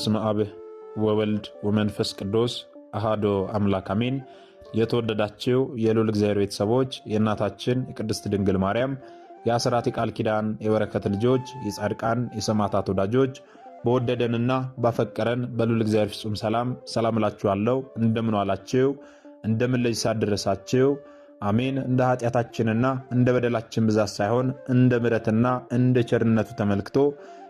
በስመ አብ ወወልድ ወመንፈስ ቅዱስ አሃዶ አምላክ አሜን። የተወደዳችው የልዑል እግዚአብሔር ቤተሰቦች የእናታችን የቅድስት ድንግል ማርያም የአስራት የቃል ኪዳን የበረከት ልጆች የጻድቃን የሰማዕታት ወዳጆች በወደደንና ባፈቀረን በልዑል እግዚአብሔር ፍጹም ሰላም ሰላም እላችኋለሁ። እንደምን ዋላችሁ? እንደምን ለዚህ ሰዓት ደረሳችሁ? አሜን። እንደ ኃጢአታችንና እንደ በደላችን ብዛት ሳይሆን እንደ ምሕረትና እንደ ቸርነቱ ተመልክቶ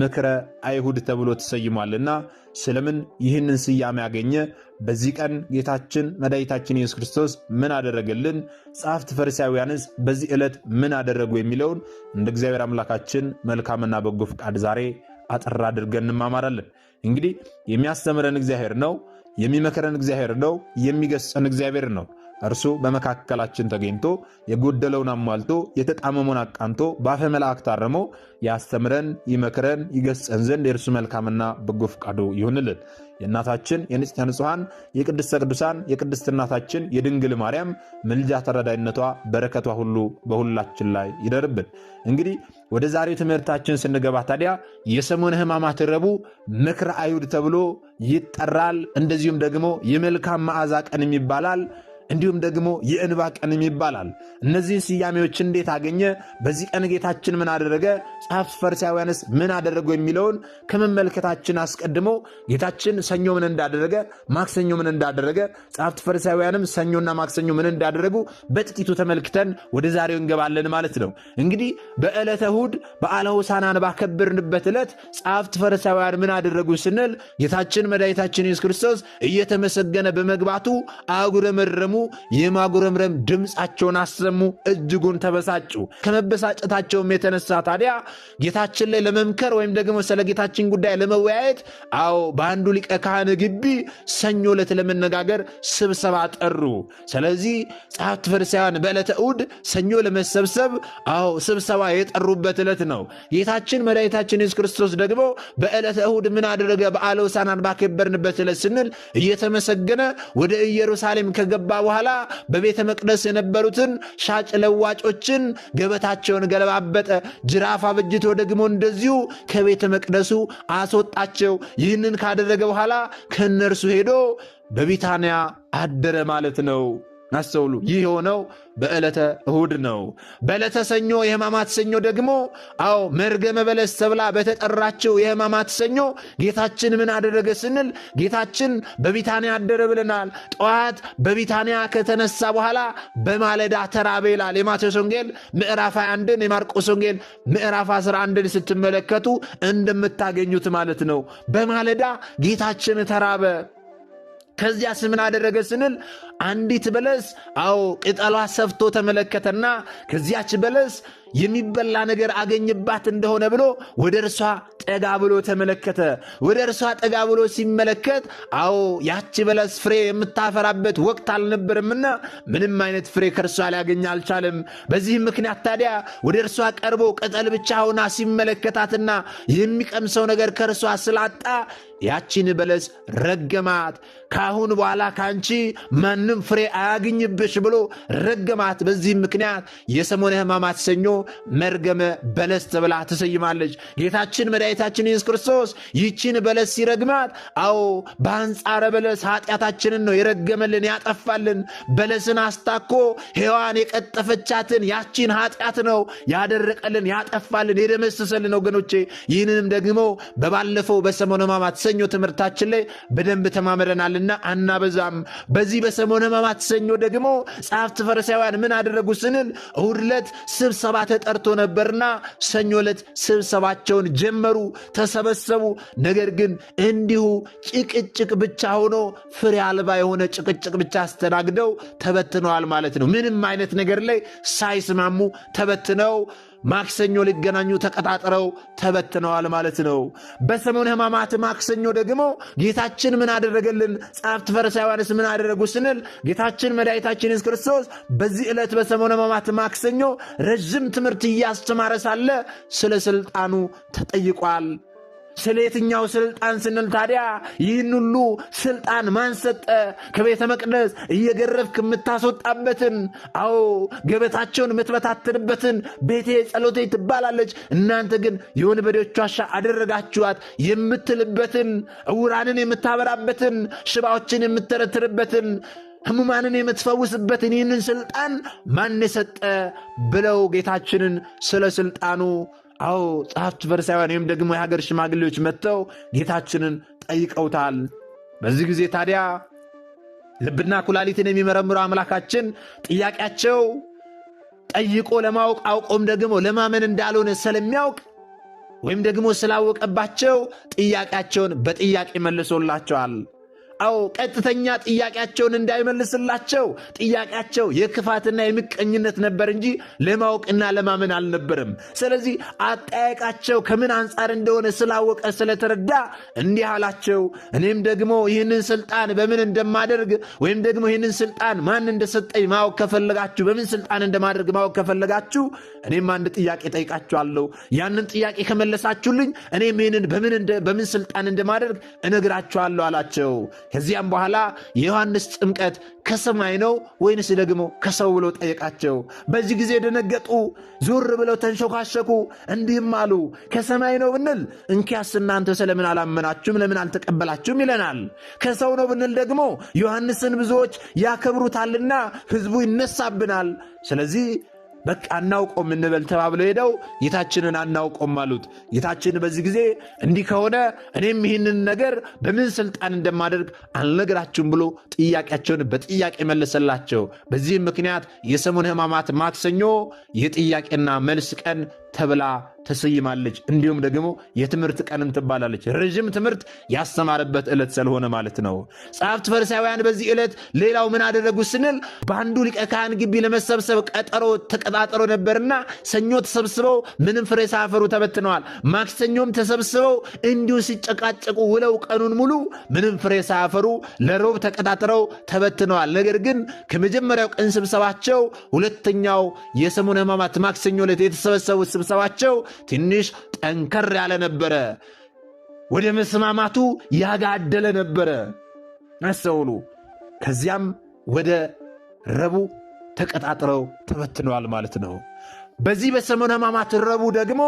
ምክረ አይሁድ ተብሎ ተሰይሟልና ስለምን ይህንን ስያሜ ያገኘ? በዚህ ቀን ጌታችን መድኃኒታችን ኢየሱስ ክርስቶስ ምን አደረገልን? ጸሐፍት ፈሪሳውያንስ በዚህ ዕለት ምን አደረጉ? የሚለውን እንደ እግዚአብሔር አምላካችን መልካምና በጎ ፈቃድ ዛሬ አጠር አድርገን እንማማራለን። እንግዲህ የሚያስተምረን እግዚአብሔር ነው፣ የሚመክረን እግዚአብሔር ነው፣ የሚገስጸን እግዚአብሔር ነው። እርሱ በመካከላችን ተገኝቶ የጎደለውን አሟልቶ የተጣመመውን አቃንቶ በአፈ መላእክት አርሞ ያስተምረን ይመክረን ይገጸን ዘንድ የእርሱ መልካምና በጎ ፈቃዱ ይሁንልን። የእናታችን የንጽሕተ ንጹሐን የቅድስተ ቅዱሳን የቅድስት እናታችን የድንግል ማርያም ምልጃ ተረዳይነቷ በረከቷ ሁሉ በሁላችን ላይ ይደርብን። እንግዲህ ወደ ዛሬው ትምህርታችን ስንገባ ታዲያ የሰሙነ ሕማማት ረቡዕ ምክረ አይሁድ ተብሎ ይጠራል። እንደዚሁም ደግሞ የመልካም መዓዛ ቀንም ይባላል። እንዲሁም ደግሞ የእንባ ቀንም ይባላል። እነዚህን ስያሜዎች እንዴት አገኘ? በዚህ ቀን ጌታችን ምን አደረገ? ጸሐፍት ፈሪሳውያንስ ምን አደረጉ? የሚለውን ከመመልከታችን አስቀድሞ ጌታችን ሰኞ ምን እንዳደረገ፣ ማክሰኞ ምን እንዳደረገ፣ ጸሐፍት ፈሪሳውያንም ሰኞና ማክሰኞ ምን እንዳደረጉ በጥቂቱ ተመልክተን ወደ ዛሬው እንገባለን ማለት ነው። እንግዲህ በዕለተ እሁድ በዓለ ሆሳዕናን ባከበርንበት ዕለት ጸሐፍት ፈሪሳውያን ምን አደረጉ ስንል ጌታችን መድኃኒታችን ኢየሱስ ክርስቶስ እየተመሰገነ በመግባቱ አጉረመረሙ የማጉረምረም ድምፃቸውን አሰሙ፣ እጅጉን ተበሳጩ። ከመበሳጨታቸውም የተነሳ ታዲያ ጌታችን ላይ ለመምከር ወይም ደግሞ ስለ ጌታችን ጉዳይ ለመወያየት አዎ በአንዱ ሊቀ ካህን ግቢ ሰኞ ዕለት ለመነጋገር ስብሰባ ጠሩ። ስለዚህ ጸሐፍት ፈሪሳውያን በዕለተ እሑድ ሰኞ ለመሰብሰብ አዎ ስብሰባ የጠሩበት ዕለት ነው። ጌታችን መድኃኒታችን ኢየሱስ ክርስቶስ ደግሞ በዕለተ እሁድ ምን አደረገ? በዓለ ሆሳዕናን ባከበርንበት ዕለት ስንል እየተመሰገነ ወደ ኢየሩሳሌም ከገባ በኋላ በቤተ መቅደስ የነበሩትን ሻጭ ለዋጮችን ገበታቸውን ገለባበጠ። ጅራፍ አበጅቶ ደግሞ እንደዚሁ ከቤተ መቅደሱ አስወጣቸው። ይህንን ካደረገ በኋላ ከእነርሱ ሄዶ በቢታንያ አደረ ማለት ነው። አስተውሉ። ይህ የሆነው በዕለተ እሁድ ነው። በዕለተ ሰኞ የሕማማት ሰኞ ደግሞ አዎ መርገመ በለስ ተብላ በተጠራችው የሕማማት ሰኞ ጌታችን ምን አደረገ ስንል ጌታችን በቢታንያ አደረ ብለናል። ጠዋት በቢታንያ ከተነሳ በኋላ በማለዳ ተራበ ይላል የማቴዎስ ወንጌል ምዕራፍ 21ን የማርቆስ ወንጌል ምዕራፍ 11ን ስትመለከቱ እንደምታገኙት ማለት ነው። በማለዳ ጌታችን ተራበ። ከዚያ ስምን አደረገ ስንል አንዲት በለስ አዎ ቅጠሏ ሰፍቶ ተመለከተና ከዚያች በለስ የሚበላ ነገር አገኝባት እንደሆነ ብሎ ወደ እርሷ ጠጋ ብሎ ተመለከተ። ወደ እርሷ ጠጋ ብሎ ሲመለከት፣ አዎ ያቺ በለስ ፍሬ የምታፈራበት ወቅት አልነበረምና ምንም አይነት ፍሬ ከእርሷ ሊያገኝ አልቻለም። በዚህ ምክንያት ታዲያ ወደ እርሷ ቀርቦ ቅጠል ብቻ ሆና ሲመለከታትና የሚቀምሰው ነገር ከእርሷ ስላጣ ያቺን በለስ ረገማት። ከአሁን በኋላ ከአንቺ ማንም ፍሬ አያግኝብሽ ብሎ ረገማት። በዚህም ምክንያት የሰሞነ ሕማማት ሰኞ መርገመ በለስ ተብላ ትሰይማለች። ጌታችን መድኃኒት ጌታችን ኢየሱስ ክርስቶስ ይቺን በለስ ሲረግማት፣ አዎ በአንጻረ በለስ ኃጢአታችንን ነው የረገመልን ያጠፋልን። በለስን አስታኮ ሔዋን የቀጠፈቻትን ያቺን ኃጢአት ነው ያደረቀልን ያጠፋልን የደመሰሰልን። ወገኖቼ ይህንንም ደግሞ በባለፈው በሰሞነ ሕማማት ሰኞ ትምህርታችን ላይ በደንብ ተማምረናልና አናበዛም። በዚህ በሰሞነ ሕማማት ሰኞ ደግሞ ጸሐፍት ፈሪሳውያን ምን አደረጉ ስንል እሁድ ዕለት ስብሰባ ተጠርቶ ነበርና ሰኞ ዕለት ስብሰባቸውን ጀመሩ። ተሰበሰቡ። ነገር ግን እንዲሁ ጭቅጭቅ ብቻ ሆኖ ፍሬ አልባ የሆነ ጭቅጭቅ ብቻ አስተናግደው ተበትነዋል ማለት ነው። ምንም አይነት ነገር ላይ ሳይስማሙ ተበትነው ማክሰኞ ሊገናኙ ተቀጣጥረው ተበትነዋል ማለት ነው። በሰሙነ ሕማማት ማክሰኞ ደግሞ ጌታችን ምን አደረገልን? ጸሐፍት ፈሪሳውያንስ ምን አደረጉ ስንል ጌታችን መድኃኒታችን ኢየሱስ ክርስቶስ በዚህ ዕለት በሰሙነ ሕማማት ማክሰኞ ረዥም ትምህርት እያስተማረ ሳለ ስለ ስልጣኑ ተጠይቋል። ስለ የትኛው ስልጣን ስንል ታዲያ ይህን ሁሉ ስልጣን ማን ሰጠ? ከቤተ መቅደስ እየገረፍክ የምታስወጣበትን፣ አዎ ገበታቸውን የምትበታትንበትን ቤቴ ጸሎቴ ትባላለች፣ እናንተ ግን የወንበዴዎች ዋሻ አደረጋችኋት የምትልበትን፣ ዕውራንን የምታበራበትን፣ ሽባዎችን የምትረትርበትን ህሙማንን የምትፈውስበትን ይህንን ስልጣን ማን የሰጠ ብለው ጌታችንን ስለ ስልጣኑ አዎ ጸሐፍት ፈሪሳውያን ወይም ደግሞ የሀገር ሽማግሌዎች መጥተው ጌታችንን ጠይቀውታል። በዚህ ጊዜ ታዲያ ልብና ኩላሊትን የሚመረምረው አምላካችን ጥያቄያቸው ጠይቆ ለማወቅ አውቆም ደግሞ ለማመን እንዳልሆነ ስለሚያውቅ ወይም ደግሞ ስላወቀባቸው ጥያቄያቸውን በጥያቄ መልሶላቸዋል። አዎ ቀጥተኛ ጥያቄያቸውን እንዳይመልስላቸው ጥያቄያቸው የክፋትና የምቀኝነት ነበር እንጂ ለማወቅና ለማመን አልነበረም። ስለዚህ አጠያየቃቸው ከምን አንጻር እንደሆነ ስላወቀ ስለተረዳ እንዲህ አላቸው፣ እኔም ደግሞ ይህንን ስልጣን በምን እንደማደርግ ወይም ደግሞ ይህንን ስልጣን ማን እንደሰጠኝ ማወቅ ከፈለጋችሁ፣ በምን ስልጣን እንደማደርግ ማወቅ ከፈለጋችሁ እኔም አንድ ጥያቄ ጠይቃችኋለሁ። ያንን ጥያቄ ከመለሳችሁልኝ እኔም ይህንን በምን ስልጣን እንደማደርግ እነግራችኋለሁ አላቸው። ከዚያም በኋላ የዮሐንስ ጥምቀት ከሰማይ ነው ወይንስ ደግሞ ከሰው ብለው ጠየቃቸው። በዚህ ጊዜ ደነገጡ፣ ዞር ብለው ተንሸኳሸኩ፣ እንዲህም አሉ ከሰማይ ነው ብንል እንኪያስ እናንተ ስለምን አላመናችሁም? ለምን አልተቀበላችሁም? ይለናል። ከሰው ነው ብንል ደግሞ ዮሐንስን ብዙዎች ያከብሩታልና ሕዝቡ ይነሳብናል። ስለዚህ በቃ አናውቆም እንበል ተባብለው ሄደው ጌታችንን አናውቆም አሉት። ጌታችን በዚህ ጊዜ እንዲህ ከሆነ እኔም ይህንን ነገር በምን ስልጣን እንደማደርግ አልነግራችሁም ብሎ ጥያቄያቸውን በጥያቄ መለሰላቸው። በዚህም ምክንያት የሰሙን ሕማማት ማክሰኞ የጥያቄና መልስ ቀን ተብላ ተሰይማለች። እንዲሁም ደግሞ የትምህርት ቀንም ትባላለች። ረዥም ትምህርት ያስተማረበት ዕለት ስለሆነ ማለት ነው። ጸሐፍት ፈሪሳውያን በዚህ ዕለት ሌላው ምን አደረጉ ስንል በአንዱ ሊቀ ካህን ግቢ ለመሰብሰብ ቀጠሮ ተቀጣጠሮ ነበርና ሰኞ ተሰብስበው ምንም ፍሬ ሳያፈሩ ተበትነዋል። ማክሰኞም ተሰብስበው እንዲሁ ሲጨቃጨቁ ውለው ቀኑን ሙሉ ምንም ፍሬ ሳያፈሩ ለሮብ ተቀጣጥረው ተበትነዋል። ነገር ግን ከመጀመሪያው ቀን ስብሰባቸው ሁለተኛው የሰሙነ ሕማማት ማክሰኞ ዕለት የተሰበሰቡት ስብሰባቸው ትንሽ ጠንከር ያለ ነበረ። ወደ መስማማቱ ያጋደለ ነበረ። አስተውሉ። ከዚያም ወደ ረቡዕ ተቀጣጥረው ተበትነዋል ማለት ነው። በዚህ በሰሙነ ሕማማት ረቡዕ ደግሞ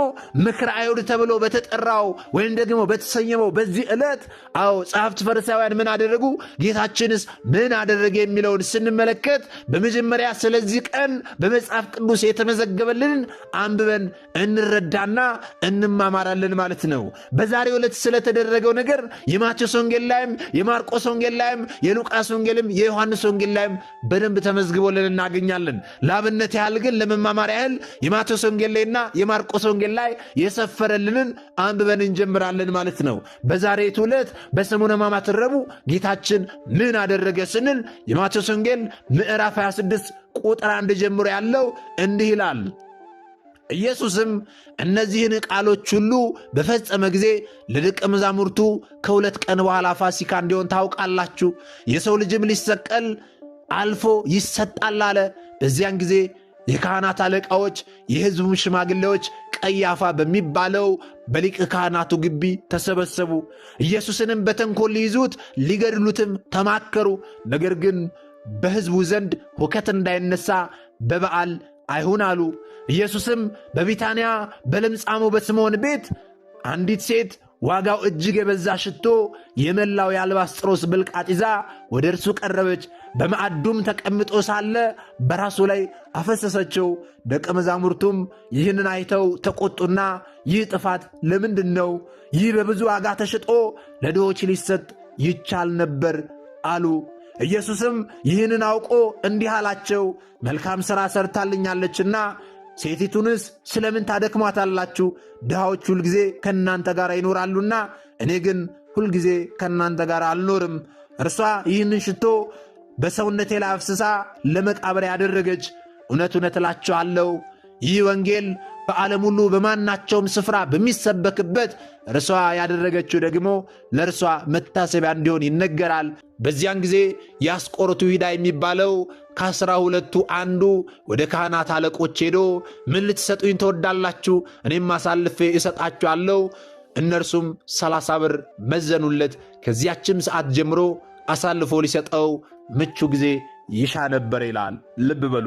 ምክር አይሁድ ተብሎ በተጠራው ወይም ደግሞ በተሰየመው በዚህ ዕለት አዎ ጸሐፍት ፈሪሳውያን ምን አደረጉ፣ ጌታችንስ ምን አደረገ የሚለውን ስንመለከት በመጀመሪያ ስለዚህ ቀን በመጽሐፍ ቅዱስ የተመዘገበልን አንብበን እንረዳና እንማማራለን ማለት ነው። በዛሬ ዕለት ስለተደረገው ነገር የማቴዎስ ወንጌል ላይም የማርቆስ ወንጌል ላይም የሉቃስ ወንጌልም የዮሐንስ ወንጌል ላይም በደንብ ተመዝግቦልን እናገኛለን። ለአብነት ያህል ግን ለመማማር ያህል የማቴዎስ ወንጌል ላይና የማርቆስ ወንጌል ላይ የሰፈረልንን አንብበን እንጀምራለን ማለት ነው። በዛሬቱ ዕለት በሰሙነ ሕማማት ረቡዕ ጌታችን ምን አደረገ ስንል የማቴዎስ ወንጌል ምዕራፍ 26 ቁጥር አንድ ጀምሮ ያለው እንዲህ ይላል። ኢየሱስም እነዚህን ቃሎች ሁሉ በፈጸመ ጊዜ ለደቀ መዛሙርቱ ከሁለት ቀን በኋላ ፋሲካ እንዲሆን ታውቃላችሁ፣ የሰው ልጅም ሊሰቀል አልፎ ይሰጣል አለ። በዚያን ጊዜ የካህናት አለቃዎች፣ የህዝቡ ሽማግሌዎች ቀያፋ በሚባለው በሊቀ ካህናቱ ግቢ ተሰበሰቡ። ኢየሱስንም በተንኮል ሊይዙት ሊገድሉትም ተማከሩ። ነገር ግን በሕዝቡ ዘንድ ሁከት እንዳይነሳ በበዓል አይሁን አሉ። ኢየሱስም በቢታንያ በለምጻሙ በስምዖን ቤት አንዲት ሴት ዋጋው እጅግ የበዛ ሽቶ የመላው የአልባስጥሮስ ብልቃጥ ይዛ ወደ እርሱ ቀረበች። በማዕዱም ተቀምጦ ሳለ በራሱ ላይ አፈሰሰችው። ደቀ መዛሙርቱም ይህንን አይተው ተቆጡና ይህ ጥፋት ለምንድን ነው? ይህ በብዙ ዋጋ ተሽጦ ለድሆች ሊሰጥ ይቻል ነበር አሉ። ኢየሱስም ይህንን አውቆ እንዲህ አላቸው፣ መልካም ሥራ ሰርታልኛለችና ሴቲቱንስ ስለምን ታደክሟታላችሁ? ድሃዎች ሁልጊዜ ከእናንተ ጋር ይኖራሉና እኔ ግን ሁልጊዜ ከእናንተ ጋር አልኖርም። እርሷ ይህንን ሽቶ በሰውነቴ ላይ አፍስሳ ለመቃብር ያደረገች፣ እውነት እውነት እላችኋለሁ ይህ ወንጌል በዓለም ሁሉ በማናቸውም ስፍራ በሚሰበክበት እርሷ ያደረገችው ደግሞ ለእርሷ መታሰቢያ እንዲሆን ይነገራል። በዚያን ጊዜ የአስቆሮቱ ይሁዳ የሚባለው ከአስራ ሁለቱ አንዱ ወደ ካህናት አለቆች ሄዶ ምን ልትሰጡኝ ትወዳላችሁ? እኔም አሳልፌ እሰጣችኋለሁ። እነርሱም ሰላሳ ብር መዘኑለት። ከዚያችም ሰዓት ጀምሮ አሳልፎ ሊሰጠው ምቹ ጊዜ ይሻ ነበር ይላል። ልብ በሉ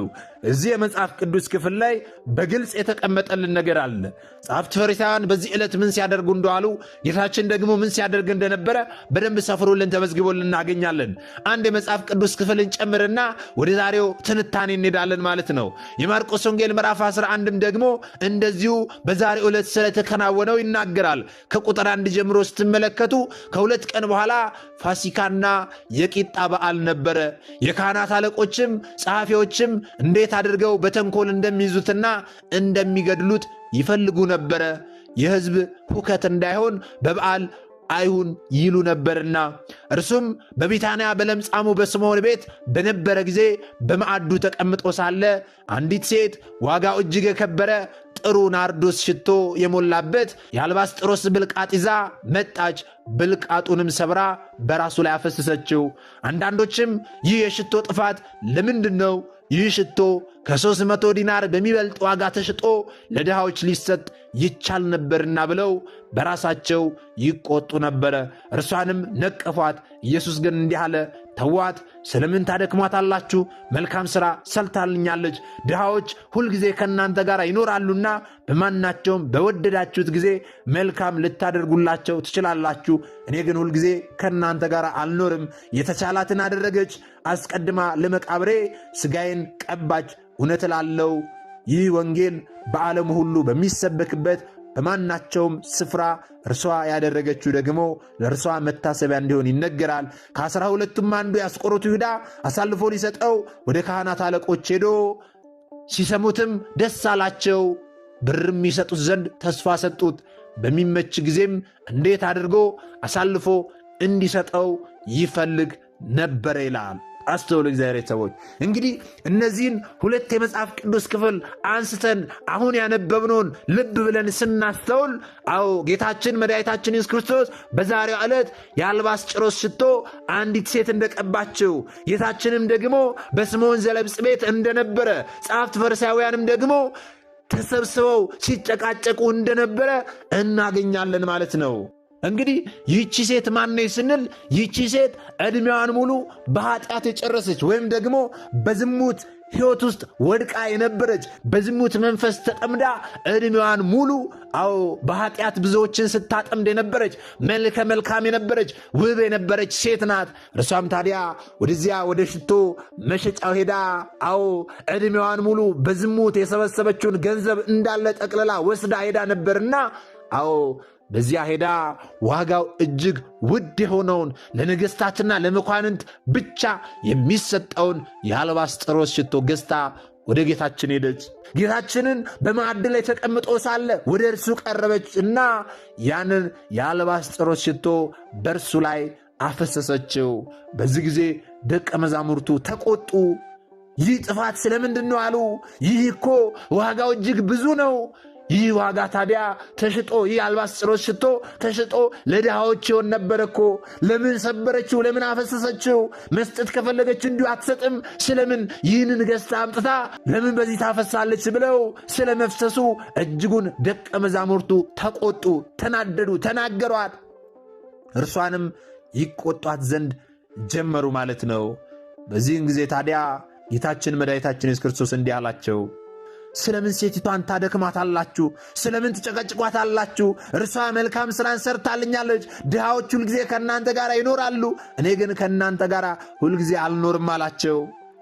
እዚህ የመጽሐፍ ቅዱስ ክፍል ላይ በግልጽ የተቀመጠልን ነገር አለ። ጸሐፍት ፈሪሳውያን በዚህ ዕለት ምን ሲያደርጉ እንደዋሉ ጌታችን ደግሞ ምን ሲያደርግ እንደነበረ በደንብ ሰፍሮልን ተመዝግቦልን እናገኛለን። አንድ የመጽሐፍ ቅዱስ ክፍልን ጨምርና ወደ ዛሬው ትንታኔ እንሄዳለን ማለት ነው። የማርቆስ ወንጌል ምዕራፍ 11 ደግሞ እንደዚሁ በዛሬው ዕለት ስለተከናወነው ይናገራል። ከቁጥር አንድ ጀምሮ ስትመለከቱ ከሁለት ቀን በኋላ ፋሲካና የቂጣ በዓል ነበረ። የካህናት የካህናት አለቆችም ጸሐፊዎችም እንዴት አድርገው በተንኮል እንደሚይዙትና እንደሚገድሉት ይፈልጉ ነበረ። የሕዝብ ሁከት እንዳይሆን በበዓል አይሁን ይሉ ነበርና እርሱም በቢታንያ በለምጻሙ በስምዖን ቤት በነበረ ጊዜ በማዕዱ ተቀምጦ ሳለ አንዲት ሴት ዋጋው እጅግ የከበረ ጥሩ ናርዶስ ሽቶ የሞላበት የአልባስጥሮስ ብልቃጥ ይዛ መጣች። ብልቃጡንም ሰብራ በራሱ ላይ አፈሰሰችው። አንዳንዶችም ይህ የሽቶ ጥፋት ለምንድን ነው? ይህ ሽቶ ከሦስት መቶ ዲናር በሚበልጥ ዋጋ ተሽጦ ለድሃዎች ሊሰጥ ይቻል ነበርና ብለው በራሳቸው ይቆጡ ነበረ። እርሷንም ነቀፏት። ኢየሱስ ግን እንዲህ አለ ተዋት፣ ስለምን ታደክሟታላችሁ? መልካም ሥራ ሰልታልኛለች። ድሃዎች ሁልጊዜ ከእናንተ ጋር ይኖራሉና በማናቸውም በወደዳችሁት ጊዜ መልካም ልታደርጉላቸው ትችላላችሁ። እኔ ግን ሁልጊዜ ከእናንተ ጋር አልኖርም። የተቻላትን አደረገች፣ አስቀድማ ለመቃብሬ ሥጋዬን ቀባች። እውነት እላለሁ ይህ ወንጌል በዓለም ሁሉ በሚሰበክበት በማናቸውም ስፍራ እርሷ ያደረገችው ደግሞ ለእርሷ መታሰቢያ እንዲሆን ይነገራል። ከአስራ ሁለቱም አንዱ ያስቆሮቱ ይሁዳ አሳልፎ ሊሰጠው ወደ ካህናት አለቆች ሄዶ ሲሰሙትም ደስ አላቸው። ብርም ይሰጡት ዘንድ ተስፋ ሰጡት። በሚመች ጊዜም እንዴት አድርጎ አሳልፎ እንዲሰጠው ይፈልግ ነበረ ይላል። አስተውሉ እግዚአብሔር ሰዎች። እንግዲህ እነዚህን ሁለት የመጽሐፍ ቅዱስ ክፍል አንስተን አሁን ያነበብነውን ልብ ብለን ስናስተውል፣ አዎ ጌታችን መድኃኒታችን ኢየሱስ ክርስቶስ በዛሬው ዕለት የአልባስ ጭሮስ ሽቶ አንዲት ሴት እንደቀባችው፣ ጌታችንም ደግሞ በስምዖን ዘለብጽ ቤት እንደነበረ፣ ጸሐፍት ፈሪሳውያንም ደግሞ ተሰብስበው ሲጨቃጨቁ እንደነበረ እናገኛለን ማለት ነው። እንግዲህ ይህቺ ሴት ማነች ስንል ይህቺ ሴት ዕድሜዋን ሙሉ በኃጢአት የጨረሰች ወይም ደግሞ በዝሙት ሕይወት ውስጥ ወድቃ የነበረች በዝሙት መንፈስ ተጠምዳ ዕድሜዋን ሙሉ አዎ በኃጢአት ብዙዎችን ስታጠምድ የነበረች መልከ መልካም የነበረች ውብ የነበረች ሴት ናት። እርሷም ታዲያ ወደዚያ ወደ ሽቶ መሸጫው ሄዳ አዎ ዕድሜዋን ሙሉ በዝሙት የሰበሰበችውን ገንዘብ እንዳለ ጠቅልላ ወስዳ ሄዳ ነበርና አዎ በዚያ ሄዳ ዋጋው እጅግ ውድ የሆነውን ለነገሥታትና ለመኳንንት ብቻ የሚሰጠውን የአልባስጥሮስ ሽቶ ገዝታ ወደ ጌታችን ሄደች። ጌታችንን በማዕድ ላይ ተቀምጦ ሳለ ወደ እርሱ ቀረበች እና ያንን የአልባስጥሮስ ሽቶ በእርሱ ላይ አፈሰሰችው። በዚህ ጊዜ ደቀ መዛሙርቱ ተቆጡ። ይህ ጥፋት ስለምንድን ነው አሉ። ይህ እኮ ዋጋው እጅግ ብዙ ነው ይህ ዋጋ ታዲያ ተሽጦ ይህ አልባስጥሮስ ሽቶ ተሽጦ ለድሃዎች ይሆን ነበረ እኮ። ለምን ሰበረችው? ለምን አፈሰሰችው? መስጠት ከፈለገች እንዲሁ አትሰጥም። ስለምን ይህንን ገዝታ አምጥታ ለምን በዚህ ታፈሳለች? ብለው ስለ መፍሰሱ እጅጉን ደቀ መዛሙርቱ ተቆጡ፣ ተናደዱ፣ ተናገሯት። እርሷንም ይቆጧት ዘንድ ጀመሩ ማለት ነው። በዚህን ጊዜ ታዲያ ጌታችን መድኃኒታችን የሱስ ክርስቶስ እንዲህ አላቸው ስለምን ሴቲቷን ታደክማታላችሁ? ስለምን ትጨቀጭቋታላችሁ? እርሷ መልካም ስራን ሰርታልኛለች። ድሃዎች ሁልጊዜ ከእናንተ ጋር ይኖራሉ፣ እኔ ግን ከእናንተ ጋር ሁልጊዜ አልኖርም አላቸው።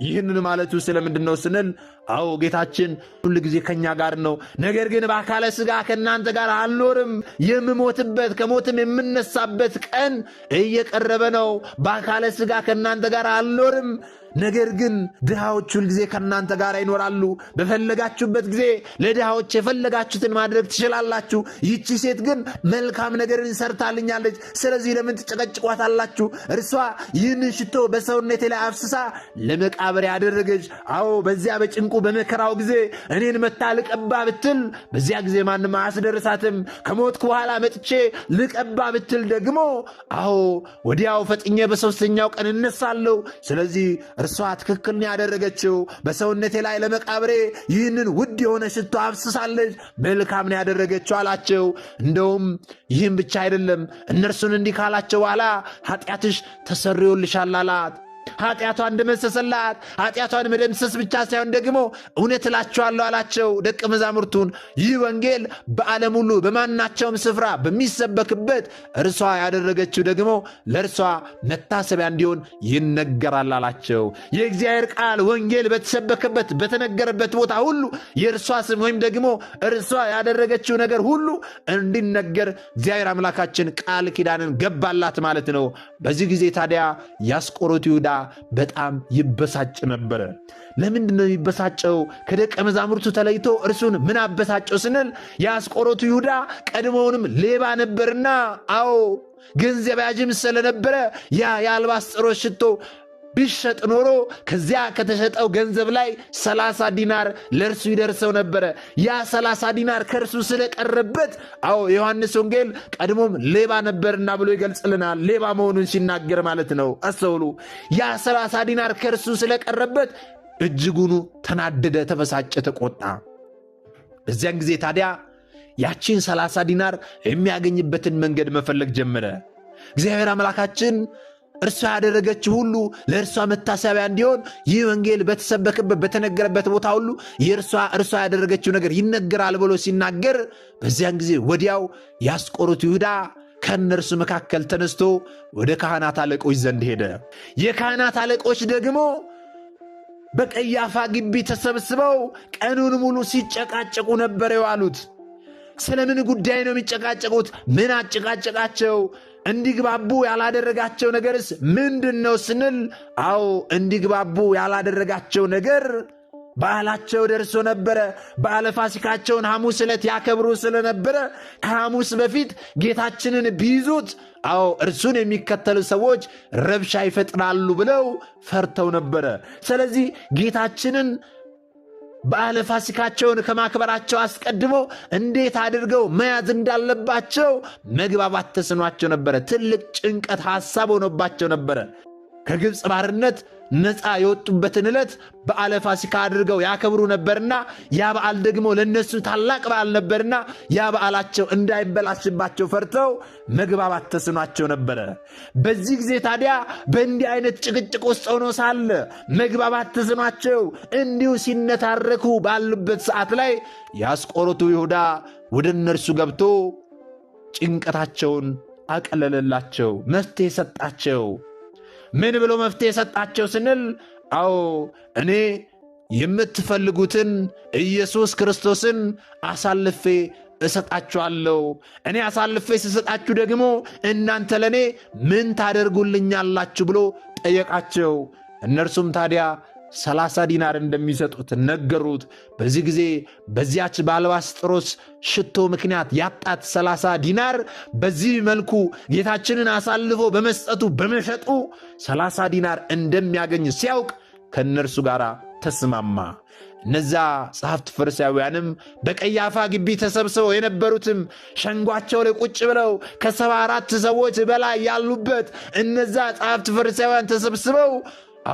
ይህንን ማለቱ ስለምንድን ነው ስንል አዎ ጌታችን ሁል ጊዜ ከእኛ ጋር ነው። ነገር ግን በአካለ ሥጋ ከእናንተ ጋር አልኖርም። የምሞትበት ከሞትም የምነሳበት ቀን እየቀረበ ነው። በአካለ ሥጋ ከእናንተ ጋር አልኖርም። ነገር ግን ድሃዎች ሁል ጊዜ ከእናንተ ጋር ይኖራሉ። በፈለጋችሁበት ጊዜ ለድሃዎች የፈለጋችሁትን ማድረግ ትችላላችሁ። ይቺ ሴት ግን መልካም ነገርን ሰርታልኛለች፣ ስለዚህ ለምን ትጨቀጭቋታላችሁ? እርሷ ይህንን ሽቶ በሰውነቴ ላይ አፍስሳ ለመቃበር ያደረገች አዎ በዚያ በጭንቁ በመከራው ጊዜ እኔን መታ ልቀባ ብትል በዚያ ጊዜ ማንም አያስደርሳትም። ከሞትኩ በኋላ መጥቼ ልቀባ ብትል ደግሞ አዎ ወዲያው ፈጥኜ በሦስተኛው ቀን እነሳለሁ። ስለዚህ እርሷ ትክክል ያደረገችው በሰውነቴ ላይ ለመቃብሬ ይህንን ውድ የሆነ ሽቶ አብስሳለች። መልካምን ያደረገችው አላቸው። እንደውም ይህም ብቻ አይደለም፣ እነርሱን እንዲህ ካላቸው በኋላ ኃጢአትሽ ተሰርዮልሻል አላት። ኃጢአቷን እንደመሰሰላት ኃጢአቷን መደምሰስ ብቻ ሳይሆን ደግሞ እውነት እላችኋለሁ አላቸው ደቀ መዛሙርቱን ይህ ወንጌል በዓለም ሁሉ በማናቸውም ስፍራ በሚሰበክበት እርሷ ያደረገችው ደግሞ ለእርሷ መታሰቢያ እንዲሆን ይነገራል አላቸው። የእግዚአብሔር ቃል ወንጌል በተሰበከበት በተነገረበት ቦታ ሁሉ የእርሷ ስም ወይም ደግሞ እርሷ ያደረገችው ነገር ሁሉ እንዲነገር እግዚአብሔር አምላካችን ቃል ኪዳንን ገባላት ማለት ነው። በዚህ ጊዜ ታዲያ ያስቆሮት ይሁዳ በጣም ይበሳጭ ነበረ። ለምንድን ነው የሚበሳጨው? ከደቀ መዛሙርቱ ተለይቶ እርሱን ምን አበሳጨው ስንል የአስቆሮቱ ይሁዳ ቀድሞውንም ሌባ ነበርና፣ አዎ ገንዘብ ስለነበረ ያ የአልባስጥሮስ ሽቶ ቢሸጥ ኖሮ ከዚያ ከተሸጠው ገንዘብ ላይ ሰላሳ ዲናር ለእርሱ ይደርሰው ነበረ። ያ ሰላሳ ዲናር ከእርሱ ስለቀረበት፣ አዎ ዮሐንስ ወንጌል ቀድሞም ሌባ ነበርና ብሎ ይገልጽልናል። ሌባ መሆኑን ሲናገር ማለት ነው። አስተውሉ። ያ ሰላሳ ዲናር ከእርሱ ስለቀረበት እጅጉኑ ተናደደ፣ ተበሳጨ፣ ተቆጣ። በዚያን ጊዜ ታዲያ ያቺን ሰላሳ ዲናር የሚያገኝበትን መንገድ መፈለግ ጀመረ። እግዚአብሔር አምላካችን እርሷ ያደረገችው ሁሉ ለእርሷ መታሰቢያ እንዲሆን ይህ ወንጌል በተሰበከበት በተነገረበት ቦታ ሁሉ የእርሷ እርሷ ያደረገችው ነገር ይነገራል ብሎ ሲናገር በዚያን ጊዜ ወዲያው ያስቆሮቱ ይሁዳ ከእነርሱ መካከል ተነስቶ ወደ ካህናት አለቆች ዘንድ ሄደ። የካህናት አለቆች ደግሞ በቀያፋ ግቢ ተሰብስበው ቀኑን ሙሉ ሲጨቃጨቁ ነበር የዋሉት። ስለምን ጉዳይ ነው የሚጨቃጨቁት? ምን አጨቃጨቃቸው? እንዲግባቡ ያላደረጋቸው ነገርስ ምንድን ነው ስንል፣ አዎ እንዲግባቡ ያላደረጋቸው ነገር በዓላቸው ደርሶ ነበረ። በዓለ ፋሲካቸውን ሐሙስ ዕለት ያከብሩ ስለነበረ ከሐሙስ በፊት ጌታችንን ቢይዙት፣ አዎ እርሱን የሚከተሉ ሰዎች ረብሻ ይፈጥራሉ ብለው ፈርተው ነበረ። ስለዚህ ጌታችንን በዓለ ፋሲካቸውን ከማክበራቸው አስቀድሞ እንዴት አድርገው መያዝ እንዳለባቸው መግባባት ተስኗቸው ነበረ። ትልቅ ጭንቀት ሐሳብ ሆኖባቸው ነበረ። ከግብፅ ባርነት ነፃ የወጡበትን ዕለት በዓለ ፋሲካ አድርገው ያከብሩ ነበርና ያ በዓል ደግሞ ለእነሱ ታላቅ በዓል ነበርና ያ በዓላቸው እንዳይበላሽባቸው ፈርተው መግባባት ተስኗቸው ነበረ። በዚህ ጊዜ ታዲያ በእንዲህ አይነት ጭቅጭቅ ውስጥ ሆኖ ሳለ መግባባት ተስኗቸው እንዲሁ ሲነታረኩ ባሉበት ሰዓት ላይ የአስቆሮቱ ይሁዳ ወደ እነርሱ ገብቶ ጭንቀታቸውን አቀለለላቸው፣ መፍትሄ ሰጣቸው። ምን ብሎ መፍትሄ ሰጣቸው ስንል፣ አዎ እኔ የምትፈልጉትን ኢየሱስ ክርስቶስን አሳልፌ እሰጣችኋለሁ። እኔ አሳልፌ ስሰጣችሁ ደግሞ እናንተ ለእኔ ምን ታደርጉልኛላችሁ ብሎ ጠየቃቸው። እነርሱም ታዲያ ሰላሳ ዲናር እንደሚሰጡት ነገሩት። በዚህ ጊዜ በዚያች በአልባስጥሮስ ሽቶ ምክንያት ያጣት ሰላሳ ዲናር በዚህ መልኩ ጌታችንን አሳልፎ በመስጠቱ በመሸጡ ሰላሳ ዲናር እንደሚያገኝ ሲያውቅ ከእነርሱ ጋር ተስማማ። እነዚያ ጸሐፍት ፈሪሳውያንም በቀያፋ ግቢ ተሰብስበው የነበሩትም ሸንጓቸው ላይ ቁጭ ብለው ከሰባ አራት ሰዎች በላይ ያሉበት እነዛ ጸሐፍት ፈሪሳውያን ተሰብስበው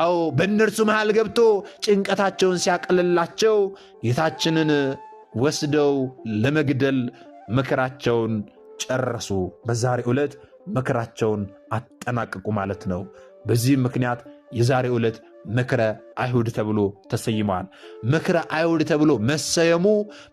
አዎ በእነርሱ መሃል ገብቶ ጭንቀታቸውን ሲያቀልላቸው ጌታችንን ወስደው ለመግደል ምክራቸውን ጨረሱ። በዛሬ ዕለት ምክራቸውን አጠናቀቁ ማለት ነው። በዚህም ምክንያት የዛሬ ዕለት ምክረ አይሁድ ተብሎ ተሰይመዋል። ምክረ አይሁድ ተብሎ መሰየሙ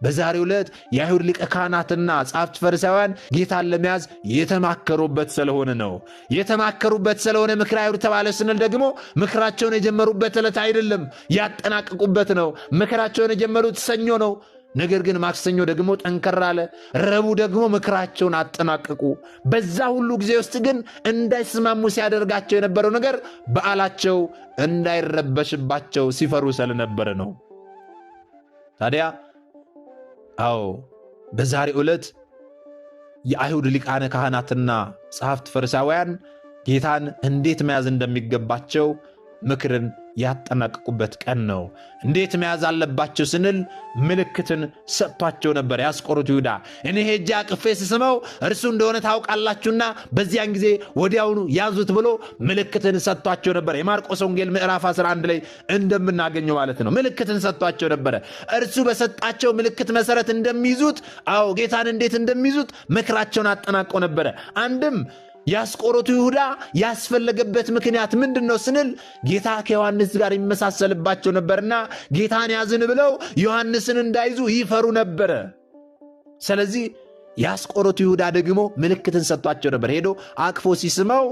በዛሬው ዕለት የአይሁድ ሊቀ ካህናትና ጻፍት ፈሪሳውያን ጌታን ለመያዝ የተማከሩበት ስለሆነ ነው። የተማከሩበት ስለሆነ ምክረ አይሁድ ተባለ ስንል ደግሞ ምክራቸውን የጀመሩበት ዕለት አይደለም፣ ያጠናቀቁበት ነው። ምክራቸውን የጀመሩት ሰኞ ነው። ነገር ግን ማክሰኞ ደግሞ ጠንከር አለ። ረቡዕ ደግሞ ምክራቸውን አጠናቀቁ። በዛ ሁሉ ጊዜ ውስጥ ግን እንዳይስማሙ ሲያደርጋቸው የነበረው ነገር በዓላቸው እንዳይረበሽባቸው ሲፈሩ ስለነበረ ነው። ታዲያ አዎ በዛሬ ዕለት የአይሁድ ሊቃነ ካህናትና ጸሐፍት ፈሪሳውያን ጌታን እንዴት መያዝ እንደሚገባቸው ምክርን ያጠናቀቁበት ቀን ነው። እንዴት መያዝ አለባቸው ስንል ምልክትን ሰጥቷቸው ነበር። ያስቆሩት ይሁዳ እኔ ሄጄ አቅፌ ስስመው እርሱ እንደሆነ ታውቃላችሁና በዚያን ጊዜ ወዲያውኑ ያዙት ብሎ ምልክትን ሰጥቷቸው ነበር። የማርቆስ ወንጌል ምዕራፍ 11 ላይ እንደምናገኘው ማለት ነው። ምልክትን ሰጥቷቸው ነበረ። እርሱ በሰጣቸው ምልክት መሰረት እንደሚይዙት፣ አዎ ጌታን እንዴት እንደሚይዙት ምክራቸውን አጠናቀው ነበረ። አንድም የአስቆሮቱ ይሁዳ ያስፈለገበት ምክንያት ምንድን ነው ስንል ጌታ ከዮሐንስ ጋር የሚመሳሰልባቸው ነበርና ጌታን ያዝን ብለው ዮሐንስን እንዳይዙ ይፈሩ ነበረ። ስለዚህ የአስቆሮቱ ይሁዳ ደግሞ ምልክትን ሰጥቷቸው ነበር። ሄዶ አቅፎ ሲስመው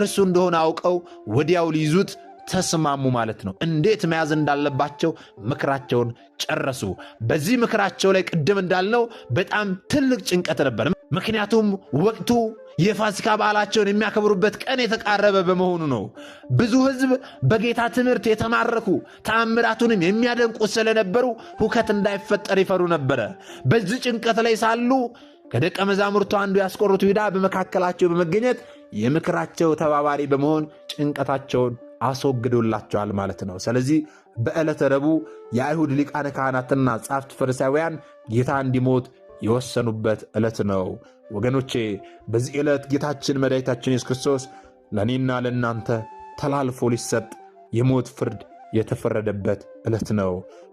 እርሱ እንደሆነ አውቀው ወዲያው ሊይዙት ተስማሙ ማለት ነው። እንዴት መያዝ እንዳለባቸው ምክራቸውን ጨረሱ። በዚህ ምክራቸው ላይ ቅድም እንዳልነው በጣም ትልቅ ጭንቀት ነበር። ምክንያቱም ወቅቱ የፋሲካ በዓላቸውን የሚያከብሩበት ቀን የተቃረበ በመሆኑ ነው። ብዙ ሕዝብ በጌታ ትምህርት የተማረኩ ተአምራቱንም የሚያደንቁ ስለነበሩ ሁከት እንዳይፈጠር ይፈሩ ነበረ። በዚህ ጭንቀት ላይ ሳሉ ከደቀ መዛሙርቱ አንዱ ያስቆሩት ይሁዳ በመካከላቸው በመገኘት የምክራቸው ተባባሪ በመሆን ጭንቀታቸውን አስወግዶላቸዋል ማለት ነው። ስለዚህ በዕለተ ረቡዕ የአይሁድ ሊቃነ ካህናትና ጻፍት ፈሪሳውያን ጌታ እንዲሞት የወሰኑበት ዕለት ነው። ወገኖቼ በዚህ ዕለት ጌታችን መድኃኒታችን ኢየሱስ ክርስቶስ ለእኔና ለእናንተ ተላልፎ ሊሰጥ የሞት ፍርድ የተፈረደበት ዕለት ነው።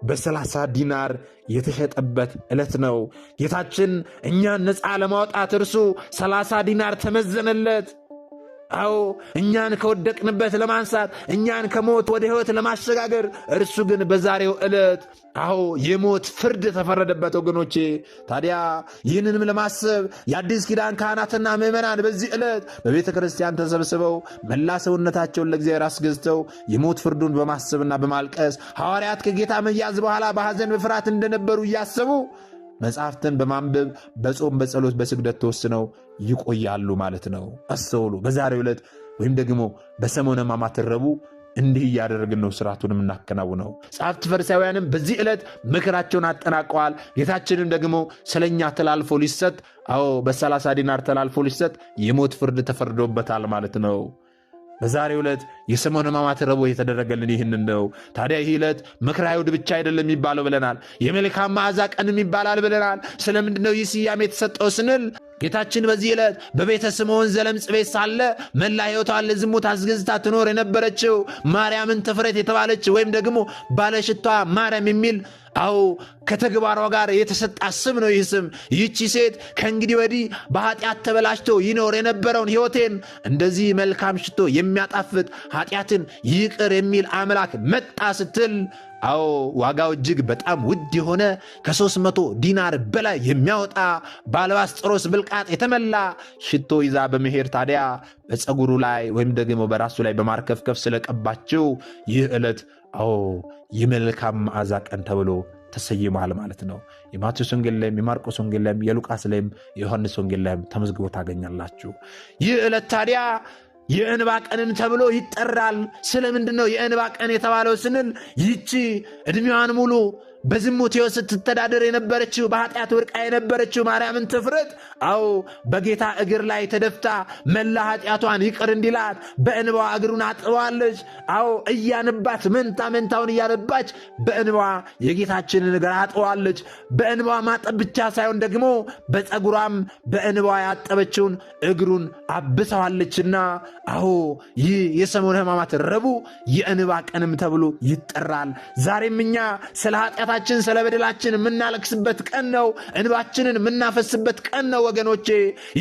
በሰላሳ ዲናር የተሸጠበት ዕለት ነው። ጌታችን እኛን ነፃ ለማውጣት እርሱ ሰላሳ ዲናር ተመዘነለት። አዎ እኛን ከወደቅንበት ለማንሳት እኛን ከሞት ወደ ሕይወት ለማሸጋገር እርሱ ግን በዛሬው ዕለት አዎ የሞት ፍርድ ተፈረደበት። ወገኖቼ ታዲያ ይህንንም ለማሰብ የአዲስ ኪዳን ካህናትና ምዕመናን በዚህ ዕለት በቤተ ክርስቲያን ተሰብስበው መላ ሰውነታቸውን ለእግዚአብሔር አስገዝተው የሞት ፍርዱን በማሰብና በማልቀስ ሐዋርያት ከጌታ መያዝ በኋላ በሐዘን በፍርሃት እንደነበሩ እያሰቡ መጽሐፍትን በማንበብ በጾም በጸሎት በስግደት ተወስነው ይቆያሉ ማለት ነው። አስተውሉ። በዛሬው ዕለት ወይም ደግሞ በሰሞነ ሕማማት ረቡዕ እንዲህ እያደረግን ነው ስርዓቱን የምናከናውነው። ጸሐፍት ፈሪሳውያንም በዚህ ዕለት ምክራቸውን አጠናቀዋል። ጌታችንም ደግሞ ስለኛ ተላልፎ ሊሰጥ አዎ፣ በሰላሳ ዲናር ተላልፎ ሊሰጥ የሞት ፍርድ ተፈርዶበታል ማለት ነው። በዛሬ ዕለት የሰሞነ ሕማማት ረቡዕ የተደረገልን ይህንን ነው። ታዲያ ይህ ዕለት ምክረ አይሁድ ብቻ አይደለም የሚባለው ብለናል። የመልካም መዓዛ ቀንም ይባላል ብለናል። ስለምንድነው ይህ ስያሜ የተሰጠው ስንል ጌታችን በዚህ ዕለት በቤተ ስምዖን ዘለምጽ ቤት ሳለ መላ ሕይወቷን ለዝሙት አስገዝታ ትኖር የነበረችው ማርያምን ትፍረት የተባለች ወይም ደግሞ ባለሽቷ ማርያም የሚል አዎ ከተግባሯ ጋር የተሰጣ ስም ነው ይህ ስም። ይቺ ሴት ከእንግዲህ ወዲህ በኃጢአት ተበላሽቶ ይኖር የነበረውን ሕይወቴን እንደዚህ መልካም ሽቶ የሚያጣፍጥ ኃጢአትን ይቅር የሚል አምላክ መጣ ስትል አዎ ዋጋው እጅግ በጣም ውድ የሆነ ከ300 ዲናር በላይ የሚያወጣ በአልባስጥሮስ ብልቃጥ የተመላ ሽቶ ይዛ በመሄድ ታዲያ በፀጉሩ ላይ ወይም ደግሞ በራሱ ላይ በማርከፍከፍ ስለቀባችው ይህ ዕለት አዎ የመልካም መዓዛ ቀን ተብሎ ተሰይሟል ማለት ነው። የማቴዎስ ወንጌል ላይም የማርቆስ ወንጌል ላይም የሉቃስ ላይም የዮሐንስ ወንጌል ላይም ተመዝግቦ ታገኛላችሁ። ይህ ዕለት ታዲያ የእንባ ቀንን ተብሎ ይጠራል። ስለምንድን ነው የእንባ ቀን የተባለው ስንል ይቺ ዕድሜዋን ሙሉ በዝሙት ሕይወት ስትተዳደር የነበረችው በኃጢአት ወርቃ የነበረችው ማርያምን ትፍረጥ? አዎ በጌታ እግር ላይ ተደፍታ መላ ኃጢአቷን ይቅር እንዲላት በእንባዋ እግሩን አጥበዋለች። አዎ እያንባት መንታ መንታውን እያነባች በእንባዋ የጌታችንን እግር አጥበዋለች። በእንባዋ ማጠብ ብቻ ሳይሆን ደግሞ በፀጉሯም በእንባዋ ያጠበችውን እግሩን አብሰዋለችና አዎ ይህ የሰሙነ ሕማማት ረቡዕ የእንባ ቀንም ተብሎ ይጠራል። ዛሬም እኛ ስለ ኃጢአት በአፋችን ስለ በደላችን የምናለቅስበት ቀን ነው። እንባችንን የምናፈስበት ቀን ነው። ወገኖቼ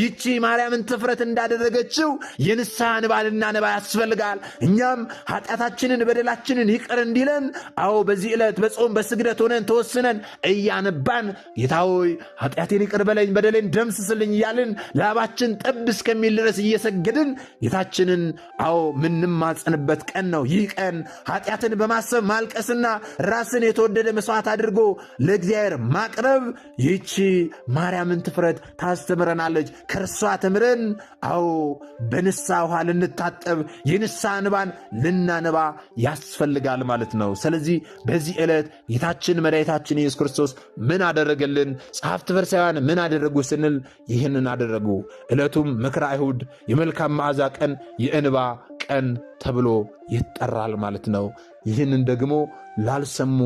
ይቺ ማርያምን ትፍረት እንዳደረገችው የንስሐ እንባ ልናነባ ያስፈልጋል። እኛም ኃጢአታችንን በደላችንን ይቅር እንዲለን አዎ፣ በዚህ ዕለት በጾም በስግደት ሆነን ተወስነን እያነባን ጌታ ሆይ ኃጢአቴን ይቅር በለኝ በደሌን ደምስስልኝ እያልን ላባችን ጠብ እስከሚል ድረስ እየሰገድን ጌታችንን አዎ ምንማጸንበት ቀን ነው። ይህ ቀን ኃጢአትን በማሰብ ማልቀስና ራስን የተወደደ መስዋዕት መስዋዕት አድርጎ ለእግዚአብሔር ማቅረብ ይቺ ማርያምን ትፍረት ታስተምረናለች። ከእርሷ ተምረን አዎ በንሳ ውሃ ልንታጠብ የንሳ እንባን ልናነባ ያስፈልጋል ማለት ነው። ስለዚህ በዚህ ዕለት ጌታችን መድኃኒታችን ኢየሱስ ክርስቶስ ምን አደረገልን? ጸሐፍት ፈሪሳውያን ምን አደረጉ ስንል ይህንን አደረጉ። ዕለቱም ምክረ አይሁድ፣ የመልካም መዓዛ ቀን፣ የእንባ ቀን ተብሎ ይጠራል ማለት ነው። ይህንን ደግሞ ላልሰሙ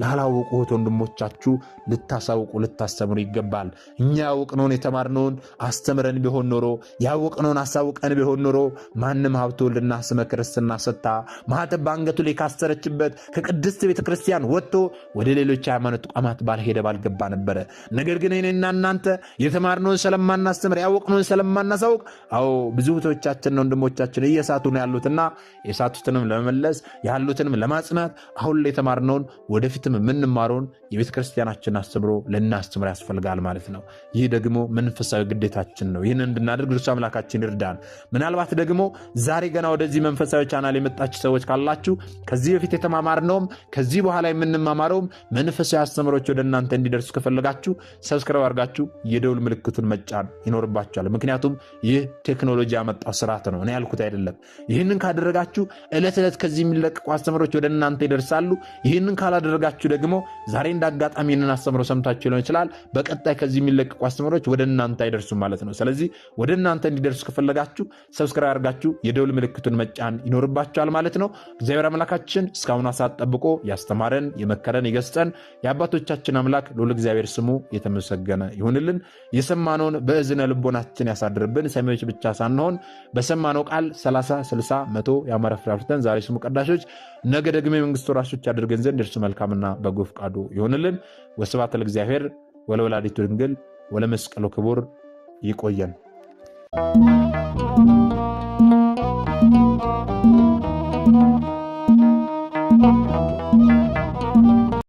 ላላወቁት ወንድሞቻችሁ ልታሳውቁ ልታስተምሩ ይገባል። እኛ ያወቅነውን የተማርነውን አስተምረን ቢሆን ኖሮ ያወቅነውን አሳውቀን ቢሆን ኖሮ ማንም ሀብቶ ልና ስመ ክርስትና ሰታ ማኅተብ በአንገቱ ላይ ካሰረችበት ከቅድስት ቤተ ክርስቲያን ወጥቶ ወደ ሌሎች ሃይማኖት ተቋማት ባልሄደ ባልገባ ነበረ። ነገር ግን እኔና እናንተ የተማርነውን ስለማናስተምር ያወቅነውን ስለማናሳውቅ፣ አዎ ብዙ እህቶቻችንና ወንድሞቻችን እየሳቱ ነው ያሉትና የሳቱትንም ለመመለስ ያሉትንም ለማጽናት አሁን ላይ የተማርነውን ወደፊት ትምህርትም የምንማረውን የቤተ ክርስቲያናችን አስተምሮ ልናስተምር ያስፈልጋል ማለት ነው። ይህ ደግሞ መንፈሳዊ ግዴታችን ነው። ይህን እንድናደርግ እርሱ አምላካችን ይርዳን። ምናልባት ደግሞ ዛሬ ገና ወደዚህ መንፈሳዊ ቻናል የመጣችሁ ሰዎች ካላችሁ ከዚህ በፊት የተማማርነውም ከዚህ በኋላ የምንማማረውም መንፈሳዊ አስተምሮች ወደ እናንተ እንዲደርሱ ከፈለጋችሁ ሰብስክራይብ አድርጋችሁ የደውል ምልክቱን መጫን ይኖርባችኋል። ምክንያቱም ይህ ቴክኖሎጂ ያመጣው ስርዓት ነው፣ እኔ ያልኩት አይደለም። ይህንን ካደረጋችሁ ዕለት ዕለት ከዚህ የሚለቀቁ አስተምሮች ወደ እናንተ ይደርሳሉ። ይህንን ካላደረጋችሁ ደግሞ ዛሬ እንደ አጋጣሚ ንን አስተምሮ ሰምታችሁ ሊሆን ይችላል። በቀጣይ ከዚህ የሚለቀቁ አስተምሮች ወደ እናንተ አይደርሱም ማለት ነው። ስለዚህ ወደ እናንተ እንዲደርሱ ከፈለጋችሁ ሰብስክራይብ አድርጋችሁ የደውል ምልክቱን መጫን ይኖርባችኋል ማለት ነው። እግዚአብሔር አምላካችን እስካሁን አሳት ጠብቆ ያስተማረን የመከረን የገስጠን የአባቶቻችን አምላክ ልዑል እግዚአብሔር ስሙ የተመሰገነ ይሁንልን። የሰማነውን በእዝነ ልቦናችን ያሳድርብን። ሰሚዎች ብቻ ሳንሆን በሰማነው ቃል 30 60 መቶ የአማረ ፍሬ አፍርተን ዛሬ ስሙ ቀዳሾች ነገ ደግሞ የመንግስቱ ወራሾች ያደርገን ዘንድ እርሱ መልካምና በጎ ፈቃዱ ይሆንልን። ወስብሐት ለእግዚአብሔር ወለወላዲቱ ድንግል ወለመስቀሉ ክቡር። ይቆየን።